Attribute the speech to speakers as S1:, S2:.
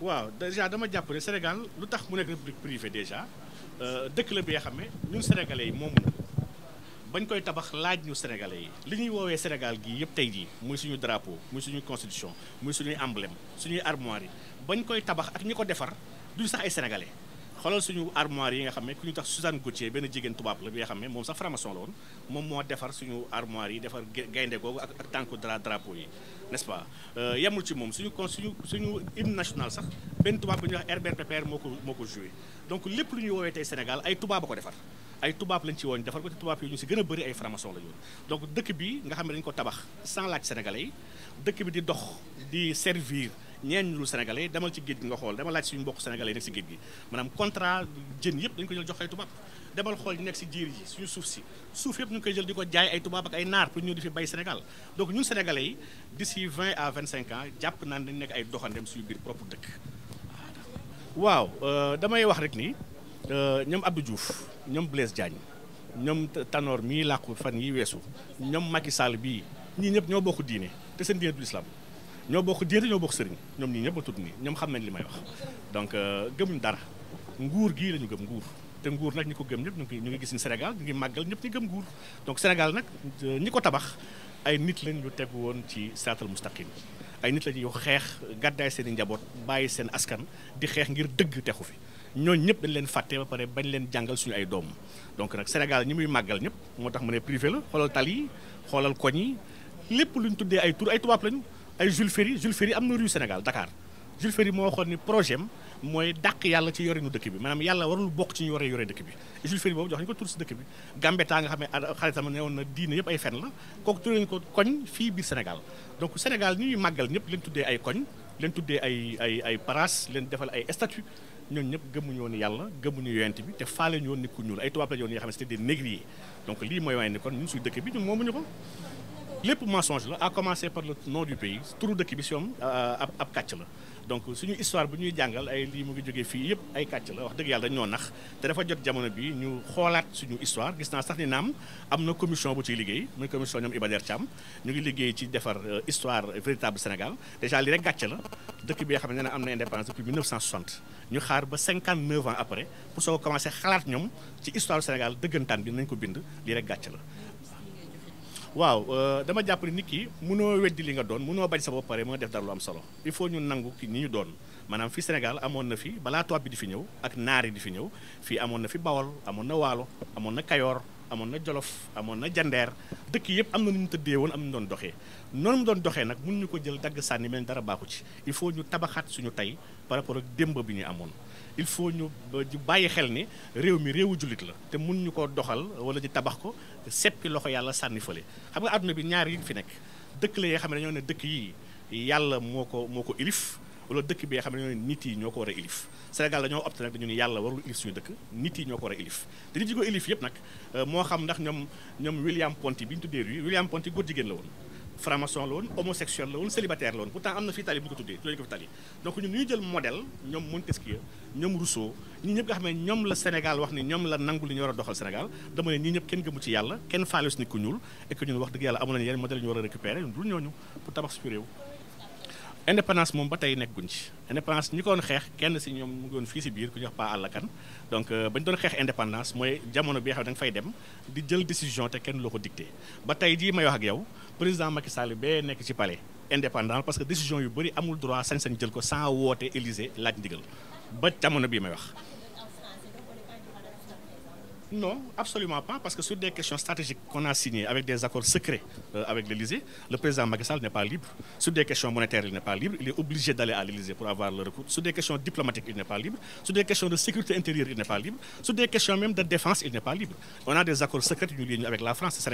S1: waaw déjà dama jàpp ne Sénégal lu tax mu nekk république privée déjà euh, dëkk la bi nga xam ne ñun sénégalais yi moomu na bañ koy tabax laaj ñu sénégalais yi li ñuy woowee Sénégal gii yëpp tey jii muy suñu drapeau muy suñu constitution muy suñuy emblème suñuy armoire yi bañ koy tabax ak ñi ko defar duñ sax ay sénégalais. xolal suñu armoire yi nga xam ne ku ñu tax Suzanne Gauthier benn jigéen tubaab la bi nga xam ne moom sax franc la woon moom moo defar suñu armoire yi defar gaynde googu ak ak tànku dra drapeau yi nest pas euh, yemul ci moom suñu kon suñu suñu national sax benn tubaab bi ñuy wax Herbert moo ko moo ko joué donc lépp lu ñuy woowee tey Sénégal ay tubaab ko defar ay tubaab lañ ci woon defar ko te tubaab ñu si gën a bëri ay franc-maçon la ñu donc dëkk bi nga xam ne dañu ko tabax sans laaj sénégalais dëkk bi di dox di servir ñeen ñu dul sénégalais demal ci géej gi nga xool demal laaj suñu mbokk sénégalais yi nekk si géej gi maanaam contrat jën yëpp dañu ko jël jox ay tubaab demal xool ñu si jiir yi suñu suuf si suuf yëpp ñu koy jël di ko jaay ay tubaab ak ay naar pour ñu di fi bay Sénégal donc ñun sénégalais yi d'ici 20 à 25 ans jàpp naa dañ nekk ay doxandem suñu biir propre dëkk waaw euh, damay wax rek ni euh, ñoom Abdou juuf ñoom Blaise Diagne ñoom Tanor mii làqu fan yi weesu ñoom Macky Sall bii ñii ñëpp ñoo bokk diine te seen diine du ñoo bokk diine ñoo bokk sëriñ ñoom nii ñëpp a tudd nii ñoom xam nañ li may wax donc euh, gëmuñ dara nguur gii lañu gëm nguur te nguur nag ñi ko gëm ñëpp ñu ngi ñu ngi gis ni Sénégal ñu ngi màggal ñëpp ñu gëm nguur donc Sénégal nag euh, ñi ko tabax ay nit lañ ñu tegu woon ci siraatal mustaqim ay nit la ñuy xeex gàddaay seen i njaboot bàyyi seen askan di xeex ngir dëgg texu fi ñooñu ñëpp dañ leen fàtte ba pare bañ leen jàngal suñu ay doom donc nag Sénégal ñi muy màggal ñëpp moo tax mu ne privé la xoolal tal yi xoolal koñ yi lépp ñu tuddee ay tur ay tubaab lañu ay Jules Ferry Jules Ferry am na rue Sénégal Dakar Jules Ferry moo waxoon ni projet mooy dàq yàlla ci yorinu dëkk bi maanaam yàlla warul bokk ci ñu waree yore dëkk bi Jules Ferry boobu jox nañu ko tur dëkk bi Gambetta nga xam ne xaritam ne woon na diine yëpp ay fen la kooku tuddee ko koñ fii biir Sénégal donc Sénégal ñi ñuy màggal ñëpp leen tuddee ay koñ leen tuddee ay ay ay paras leen defal ay statue ñooñu ñëpp gëmuñu woon yàlla gëmuñu yonent bi te faale ñu woon ni ku ñuul ay tubaab la ñu woon ne c'était des négriers donc lii mooy kon dëkk bi ñun ko lépp mensonge la à commencer par le nom du pays turu dëkk bi si moom euh, ab kàcc la donc suñu histoire bu ñuy jàngal ay lii mu ngi jógee fii yëpp ay kàcc la wax dëgg yàlla ñoo nax te dafa jot jamono bi ñu xoolaat suñu histoire gis naa sax ni naam am na commission bu ciy liggéey muy commission ñoom Iba Der ñu ngi liggéey ci defar euh, histoire euh, véritable Sénégal déjà li rek kàcc la dëkk bi nga xam ne am na indépendance depuis 1960 ñu xaar ba 59 ans après pour soo commencé xalaat ñoom ci histoire Sénégal dëggantaan bi nañ ko bind lii gàcc la waaw euh, dama jàpp ni nit ki mënoo weddi li nga doon mënoo bañ sa bopp pare mën def dara lu am solo il faut ñu nangu ki ñi ñu doon maanaam fi Sénégal amoon na fi balaa tubaab bi di fi ñëw ak naar yi di fi ñëw fii amoon na fi Bawol amoon na Waalo amoon na Kayoor amoon na jolof amoon na jandeer dëkk yëpp am na nu ñu tëddee woon am na ñu doon doxee noonu mu doon doxee nag mun ñu ko jël dagg sànni mel dara baaxu ci il ñu tabaxaat suñu tey par rapport ak démb bi ñu amoon il faut ñu bàyyi xel ni réew mi réewu jullit la te mun ñu ko doxal wala di tabax ko seppi loxo yàlla sànni fële xam nga àdduna bi ñaar yi fi nekk dëkk la yoo xam ne dañoo ne dëkk yi yàlla moo ko moo ko ilif wala dëkk bi nga xam ne nit yi ñoo ko war a ilif Sénégal dañoo opté nag dañu ne yàlla warul ilif suñu dëkk nit yi ñoo ko war a ilif te nit yi ko nag euh, moo xam ndax ñoom ñoom William Ponty bi ñu tuddee rue William Ponty góor jigéen la woon franc-maçon la woon homosexuel la woon célibataire la woon pourtant am na fii tali bu ñu ko tuddee tuddee ko fi tali donc ñun ñu jël modèle ñoom Montesquieu ñoom Rousseau ñi ñëpp nga xam ñoom la Sénégal ni ñoom la nangul li ñu war a doxal Sénégal dama ne ñii ñëpp kenn gëmu ci yàlla kenn faalus ni ku ñuul et que ñun a récupérer ñun dul ñooñu pour tabax suñu indépendance moom ba tey nekkuñ ci indépendance ñi ko doon xeex kenn si ñoom mu ngi woon fii si biir ku jox pa àll kan donc euh, bañ doon xeex indépendance mooy jamono bi nga xam ne fay dem di jël décision te kenn loo ko dicté ba tey jii may wax ak yow président Macky Sall bee nekk ci pale indépendant parce que décision yu bëri amul droit sañ-sañ jël ko sans woote Élysée laaj ndigal ba jamono bii may wax Non, absolument pas, parce que sur des questions stratégiques qu'on avec des accords secrets euh, avec l'Elysée, le président Macky Sall pas libre. Sur des questions monétaires, il n'est pas libre. Il est obligé d'aller à l'Elysée pour avoir le recours. Sur des questions diplomatiques, il n'est pas libre. Sur des questions de sécurité intérieure, il n'est pas libre. Sur des questions même de défense, il n'est pas libre. On a des accords secrets avec la France,